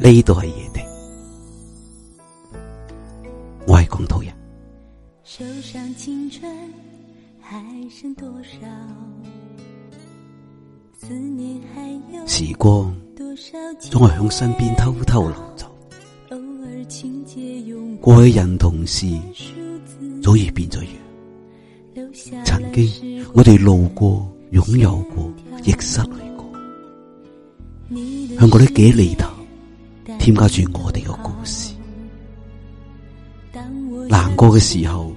呢度係野的，我係廣土人。時光，總係向身邊偷偷流走。過去嘅人、同事，早已變咗樣。曾經，我哋路過、擁有過，亦失去過。向嗰啲幾厘頭。添加住我哋個故事，難過嘅時候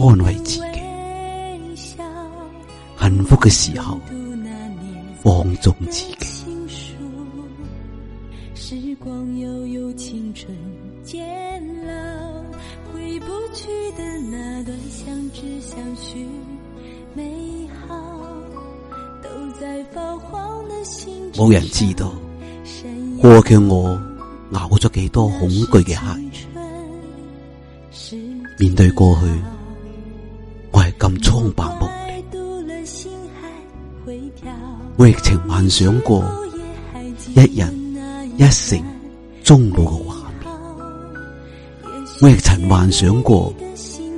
安慰自己，幸福嘅時候放縱自己。時光悠悠，青春漸老，回不去嘅那段相知相許，美好都在泛黃嘅心中。冇人知道過去嘅我。熬咗幾多恐懼嘅客人，面對過去，我係咁蒼白無力。我亦曾幻想過一人一城終老嘅畫面，我亦曾幻想過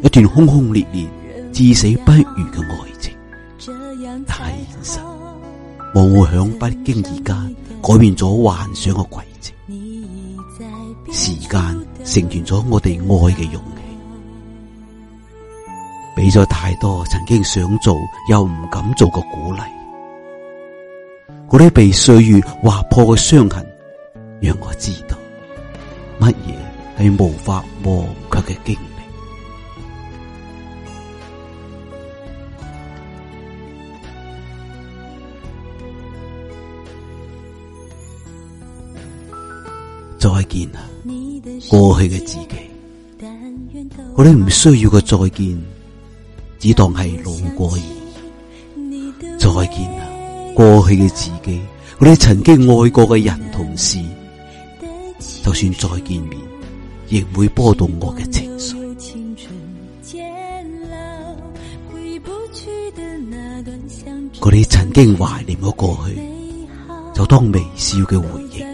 一段轟轟烈烈至死不渝嘅愛情，太現實，我會響不經意間改變咗幻想嘅軌跡。時間成全咗我哋愛嘅勇氣，俾咗太多曾經想做又唔敢做嘅鼓勵。啲被歲月劃破嘅傷痕，讓我知道乜嘢係無法忘卻嘅經歷。再見啦，過去嘅自己，我哋唔需要佢再見，只當係老過而。再見啦，過去嘅自己，我哋曾經愛過嘅人同事，就算再見面，亦會波動我嘅情緒。我哋曾經懷念過過去，就當微笑嘅回憶。